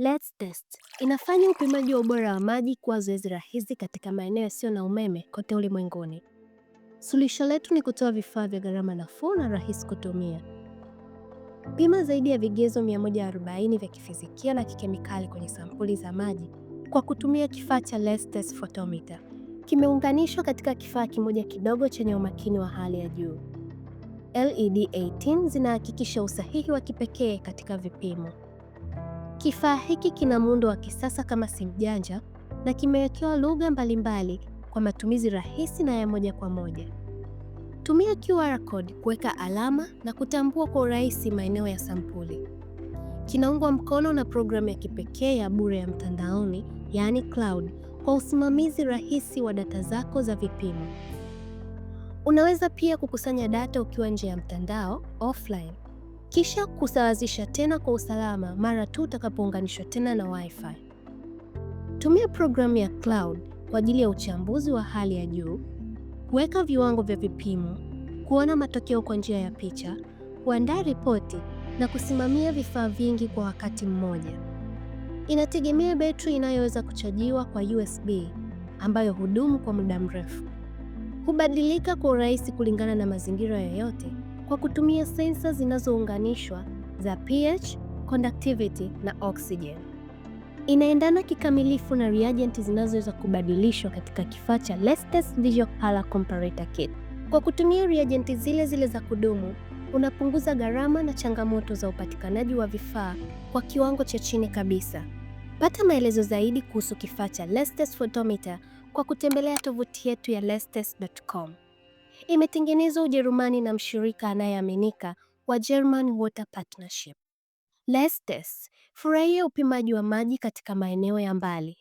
Let's Test inafanya upimaji wa ubora wa maji kuwa zoezi rahisi katika maeneo yasiyo na umeme kote ulimwenguni. Suluhisho letu ni kutoa vifaa vya gharama nafuu na rahisi kutumia. Pima zaidi ya vigezo 140 vya kifizikia na kikemikali kwenye sampuli za maji kwa kutumia kifaa cha Let's Test photometer. Kimeunganishwa katika kifaa kimoja kidogo chenye umakini wa hali ya juu. LED 18 zinahakikisha usahihi wa kipekee katika vipimo. Kifaa hiki kina muundo wa kisasa kama simu janja na kimewekewa lugha mbalimbali kwa matumizi rahisi na ya moja kwa moja. Tumia QR code kuweka alama na kutambua kwa urahisi maeneo ya sampuli. Kinaungwa mkono na programu ya kipekee ya bure ya mtandaoni, yaani cloud, kwa usimamizi rahisi wa data zako za vipimo. Unaweza pia kukusanya data ukiwa nje ya mtandao offline kisha kusawazisha tena kwa usalama mara tu utakapounganishwa tena na Wi-Fi. Tumia programu ya cloud kwa ajili ya uchambuzi wa hali ya juu, kuweka viwango vya vipimo, kuona matokeo kwa njia ya picha, kuandaa ripoti na kusimamia vifaa vingi kwa wakati mmoja. Inategemea betri inayoweza kuchajiwa kwa USB ambayo hudumu kwa muda mrefu. Hubadilika kwa urahisi kulingana na mazingira yoyote kwa kutumia sensa zinazounganishwa za pH, conductivity na oxygen. Inaendana kikamilifu na reagent zinazoweza kubadilishwa katika kifaa cha lestes Visual Color Comparator Kit. Kwa kutumia reagent zile zile za kudumu, unapunguza gharama na changamoto za upatikanaji wa vifaa kwa kiwango cha chini kabisa. Pata maelezo zaidi kuhusu kifaa cha Lestes Photometer kwa kutembelea tovuti yetu ya lestes.com imetengenezwa Ujerumani na mshirika anayeaminika wa German Water Partnership. Lestes, furahia upimaji wa maji katika maeneo ya mbali.